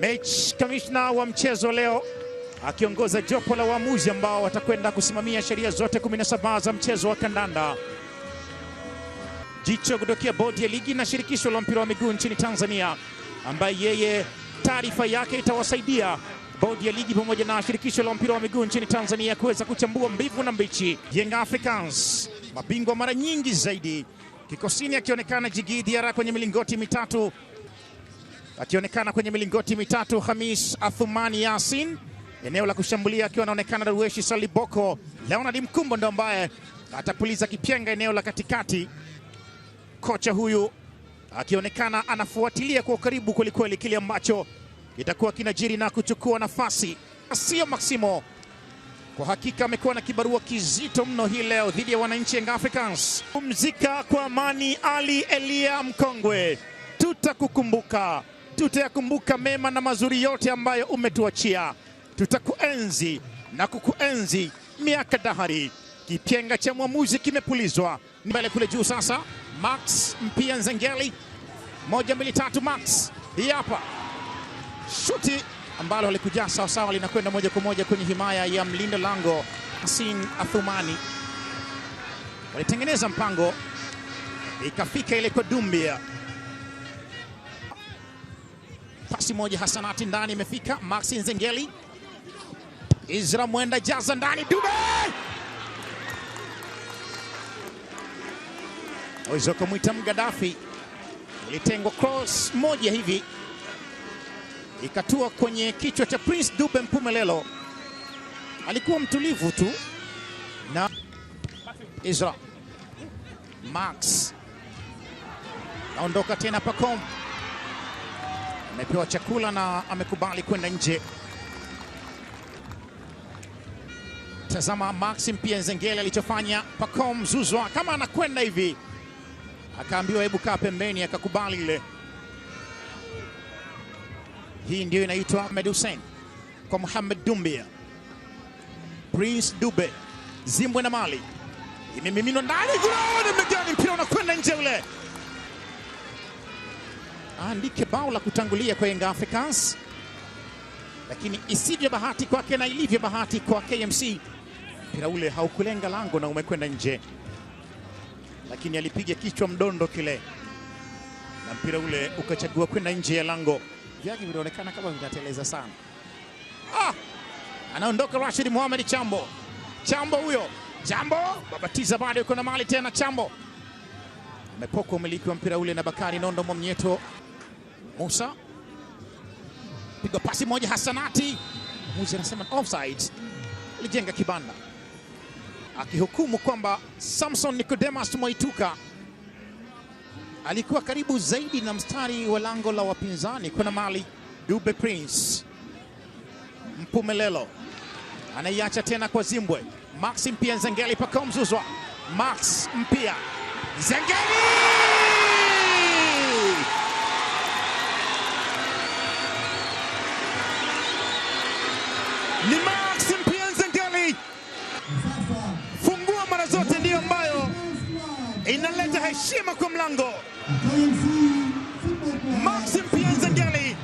Mechi kamishna wa mchezo leo akiongoza jopo la waamuzi ambao watakwenda kusimamia sheria zote 17 za mchezo wa kandanda. Jicho kutokea bodi ya ligi na shirikisho la mpira wa miguu nchini Tanzania, ambaye yeye taarifa yake itawasaidia bodi ya ligi pamoja na shirikisho la mpira wa miguu nchini Tanzania kuweza kuchambua mbivu na mbichi. Young Africans mabingwa mara nyingi zaidi, kikosini akionekana Jigii Diarra kwenye milingoti mitatu akionekana kwenye milingoti mitatu Hamis Athumani Yasin, eneo la kushambulia akiwa anaonekana Darweshi Saliboko. Leonard Mkumbo ndo ambaye atapuliza kipyenga eneo la katikati. Kocha huyu akionekana anafuatilia kwa ukaribu kwelikweli kile ambacho kitakuwa kinajiri na kuchukua nafasi. Sio Maximo kwa hakika amekuwa na kibarua kizito mno hii leo dhidi ya wananchi Young Africans. Pumzika kwa amani, Ali Elia Mkongwe, tutakukumbuka tutayakumbuka mema na mazuri yote ambayo umetuachia. Tutakuenzi na kukuenzi miaka dahari. Kipyenga cha mwamuzi kimepulizwa mbele kule juu. Sasa Max Mpia Nzengeli, moja mbili tatu. Max hii hapa shuti ambalo halikuja sawasawa, linakwenda moja kwa moja kwenye himaya ya mlinda lango Hasin Athumani. Walitengeneza mpango, ikafika ile kwa Dumbia Pasi moja hasanati ndani imefika. Maxi Nzengeli, Izra Mwenda jaza ndani, Dube waweza kumwita Mgadafi. Ilitengwa cross moja hivi ikatua kwenye kichwa cha Prince Dube Mpumelelo, alikuwa mtulivu tu na Izra Max naondoka tena Pacome amepewa chakula na amekubali kwenda nje. Tazama Maxim pia Nzengeli alichofanya. Pacome Zouzoua kama anakwenda hivi, akaambiwa hebu kaa pembeni, akakubali ile. Hii ndiyo inaitwa Ahmed Hussein kwa Mohamed Dumbia, Prince Dube, Zimbwe na Mali, imemiminwa ndani, golaone mnegani, mpira unakwenda nje ule aandike ah, bao la kutangulia kwa Young Africans, lakini isivyo bahati kwake na ilivyo bahati kwa KMC, mpira ule haukulenga lango na umekwenda nje, lakini alipiga kichwa mdondo kile na mpira ule ukachagua kwenda nje ya lango. Vyaji vinaonekana kama vinateleza sana. Ah, anaondoka Rashid Muhammad Chambo. Chambo huyo, Chambo babatiza, bado yuko na mali tena. Chambo amepokwa umiliki wa mpira ule na Bakari Nondo Mwamnyeto. Musa pigwa pasi moja, hasanati muzi anasema offside, alijenga kibanda akihukumu kwamba Samson Nicodemus Mwaituka alikuwa karibu zaidi na mstari wa lango la wapinzani. Kuna mali Dube Prince Mpumelelo anaiacha tena kwa Zimbwe. Max Mpia Nzengeli pakamzuzwa Max Mpia Nzengeli Mango. Maxim Pianzengeli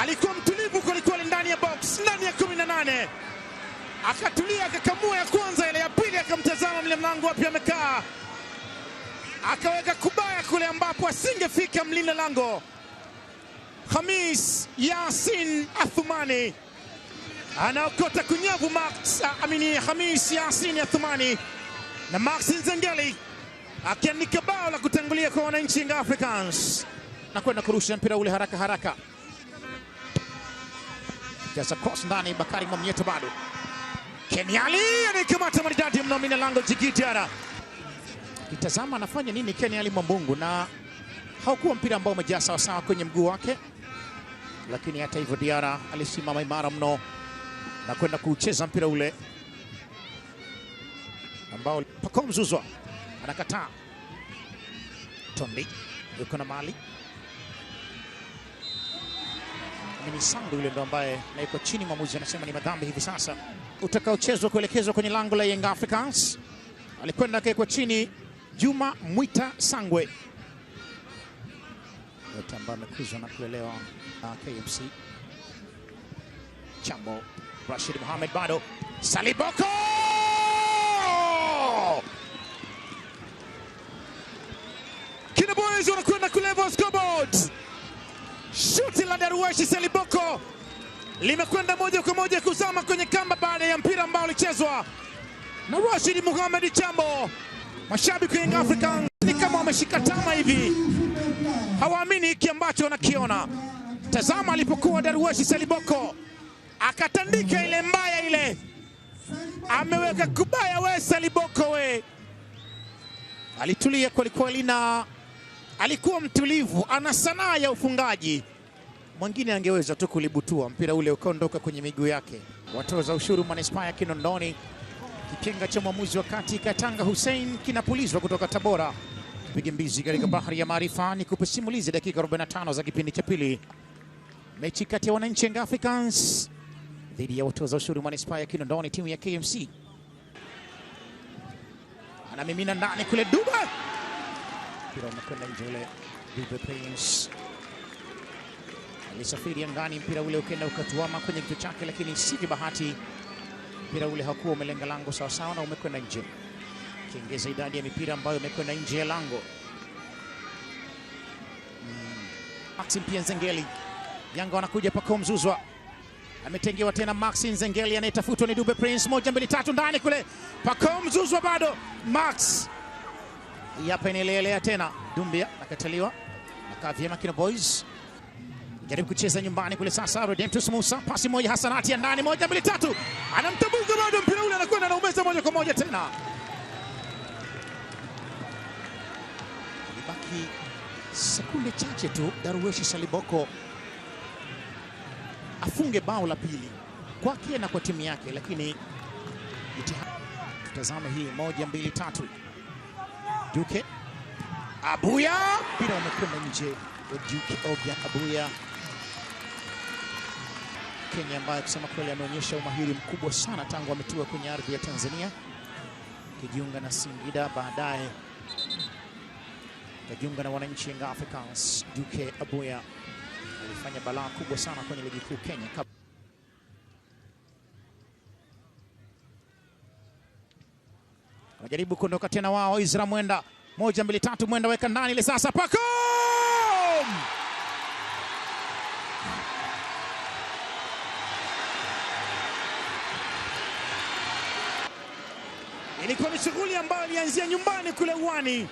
alikuwa mtulivu kwelikweli ndani ya box, ndani ya 18 akatulia, akakamua ya kwanza, ile ya pili akamtazama mlinda mlango wapi amekaa, akaweka kubaya kule ambapo asingefika mlinda lango Hamis Yasin Athumani anaokota kunyavu Max, amini Hamis Yasin Athumani na Maxin Zengeli akiandika bao la kutangulia kwa wananchi Young Africans na kwenda kurusha mpira ule haraka haraka, Kasa cross ndani. Bakari Mamnyeto bado Keniali anayekamata maridadi mno, mina lango jigitiara kitazama anafanya nini Keniali Mwambungu, na haukuwa mpira ambao umejaa sawasawa kwenye mguu wake, lakini hata hivyo Diara alisimama imara mno na kwenda kucheza mpira ule ambao Pacome Zouzoua anakataa. Tombi yuko na mali Amini Sandu, yule ndo ambaye naiko chini, mwamuzi anasema ni madhambi hivi sasa, utakaochezwa kuelekezwa kwenye lango la Young Africans. Alikwenda kwa chini Juma Mwita Sangwe, yote ambayo amekuzwa na kulelewa na KMC. Chambo Rashid Mohamed, bado Saliboko Mazoezi wanakwenda kuleva scoreboard. Shuti la Daruweshi Seliboko limekwenda moja kwa moja kuzama kwenye kamba baada ya mpira ambao ulichezwa na Rashid Muhamed Chambo. Mashabiki wa Young Africans ni kama wameshika tama hivi, hawaamini hiki ambacho wanakiona. Tazama alipokuwa darueshi Seliboko akatandika ile mbaya ile, ameweka kubaya we Seliboko we, alitulia kwelikweli na alikuwa mtulivu, ana sanaa ya ufungaji. Mwingine angeweza tu kulibutua mpira ule ukaondoka kwenye miguu yake. Watoza ushuru manispaa ya Kinondoni, kipenga cha mwamuzi wa kati Katanga Hussein kinapulizwa kutoka Tabora. Piga mbizi katika bahari ya maarifa, ni kupesimulizi dakika 45 za kipindi cha pili, mechi kati ya wananchi Young Africans dhidi ya watoza ushuru manispaa ya Kinondoni, timu ya KMC anamimina ndani kule Duba mpira umekwenda nje ule. Dube Prince alisafiri angani, mpira ule ukenda ukatuama kwenye kichwa chake, lakini sivyo bahati, mpira ule hakuwa umelenga lango sawasawa na umekwenda nje, ukiongeza idadi ya mipira ambayo imekwenda nje ya lango. Mm. Maxi Mpia Nzengeli, Yanga wanakuja pako mzuzwa, ametengewa tena Maxi Nzengeli, anayetafutwa ni Dube Prince. Moja mbili tatu, ndani kule, pako mzuzwa bado Max yapa inaelelea tena, Dumbia nakataliwa, nakaa vyema kina boys jaribu kucheza nyumbani kule. Sasa Redemptus Musa, pasi moja hasanati ya ndani, moja mbili tatu, anamtabuka bado, mpira ule anakwenda na umeza moja kwa moja tena, ibaki sekunde chache tu, darweshi Saliboko afunge bao la pili kwake na kwa timu yake, lakini tutazame hii, moja mbili tatu Duke Abuya, mpira umekwenda nje. Duke oga Abuya, Kenya ambaye kusema kweli ameonyesha umahiri mkubwa sana tangu ametua kwenye ardhi ya Tanzania, akijiunga na Singida, baadaye akajiunga na wananchi Young Africans. Duke Abuya alifanya balaa kubwa sana kwenye ligi kuu Kenya. Wanajaribu kuondoka tena wao, Izra Mwenda, moja mbili tatu, Mwenda weka ndani ile sasa, Pacome ilikuwa ni shughuli ambayo ilianzia nyumbani kule uwani.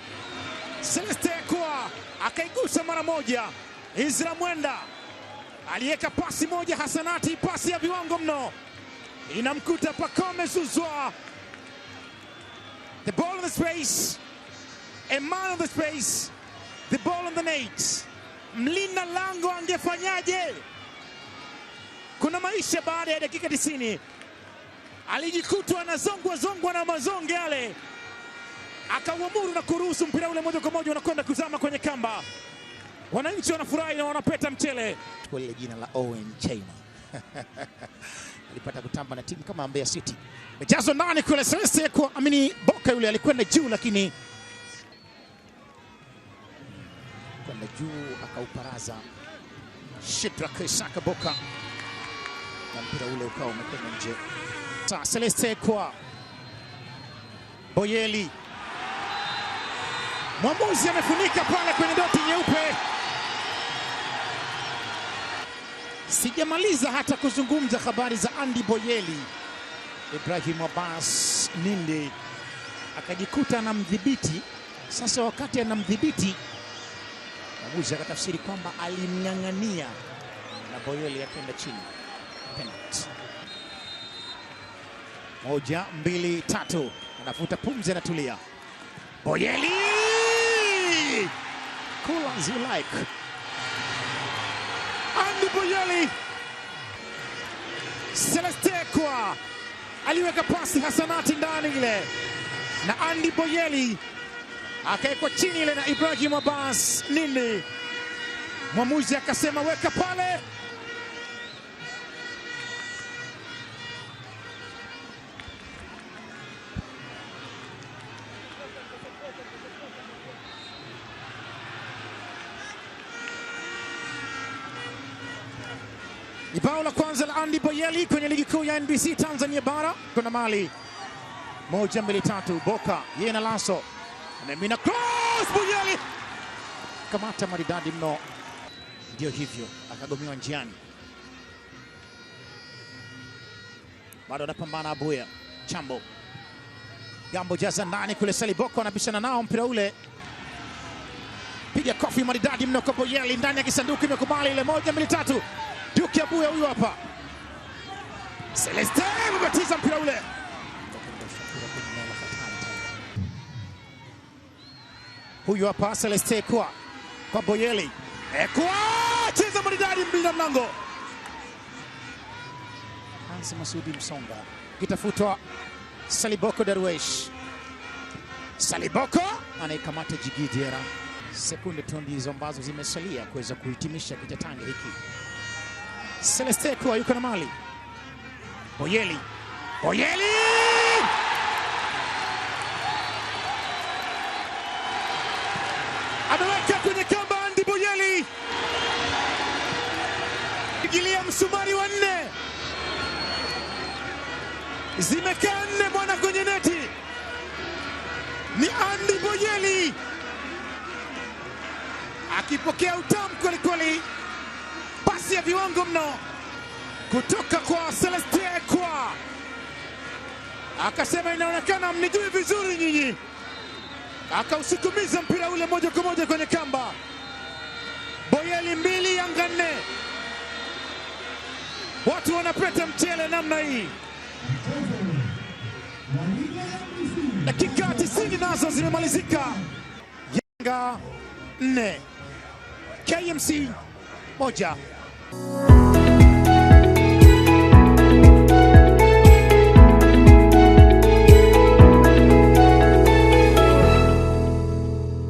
Celeste Ekwa akaigusa mara moja. Izra Mwenda aliweka pasi moja hasanati, pasi ya viwango mno, inamkuta Pacome Zouzoua. The ball in the space. A man of the space. The ball on the net. Mlinda lango angefanyaje? Kuna maisha baada ya dakika 90. Alijikutwa anazongwa zongwa na mazonge yale, akauamuru na kuruhusu mpira ule moja kwa moja unakwenda kuzama kwenye kamba. Wananchi wanafurahi na wanapeta mchele kwa jina la Owen China. alipata kutamba na timu kama Mbeya City. Michezo ndani kule Celeste kwa Amini Boka, yule alikwenda juu lakini kwenda juu akauparaza Shidrak Isaka Boka na mpira ule ukawa umekwenda nje. Ta Celeste kwa Boyeli, mwamuzi amefunika pale kwenye doti nyeupe. Sijamaliza hata kuzungumza habari za Andy Boyeli. Ibrahim Abbas Ninde akajikuta anamdhibiti. Sasa wakati anamdhibiti, mwamuzi akatafsiri kwamba alimng'ang'ania na Boyeli akaenda chini. Penalty. Moja, mbili, tatu, anavuta pumzi, anatulia. Boyeli cool as you like. Buboyeli. selestekwa aliweka pasi Hasanati ndani ile, na Andy Boyeli akawekwa chini ile na Ibrahim Abbas Nini, mwamuzi akasema weka pale. Ni bao la kwanza la Andy Boyeli kwenye ligi kuu ya NBC Tanzania bara. Kuna mali moja mbili tatu, Boka yeye na Laso amemina cross, Boyeli kamata maridadi mno, ndio hivyo akagomiwa njiani. Bado anapambana Abuya Chambo Gambo jaza ndani kule, Saliboko anapishana nao mpira ule, piga kofi maridadi mno kwa Boyeli ndani ya kisanduku, imekubali ile moja mbili tatu Duke Abuya huyu hapa, Celeste amebatiza mpira ule huyu hapa Celeste kwa kwa Boyeli Ekwa cheza maridadi mlinda mlango Hansi Masudi Msonga kitafutwa Saliboko Darwesh Saliboko anaikamata Jigidera, sekunde tu ndizo ambazo zimesalia kuweza kuhitimisha kitatange hiki selesteku Kwa yuko na mali. Boyeli. Boyeli! Ameweka kwenye kamba Andy Boyeli. Pigilia msumari wa nne. Zimekaa nne bwana kwenye neti. Ni Andy Boyeli. Akipokea utamu kweli kweli pasi ya viwango mno kutoka kwa Celestia Ekwa, akasema inaonekana mnijui vizuri nyinyi, akausukumiza mpira ule moja kwa moja kwenye kamba. Boyeli mbili Yanga nne. Watu wanapeta mchele namna hii. Dakika tisini nazo zimemalizika. Yanga nne KMC moja. you.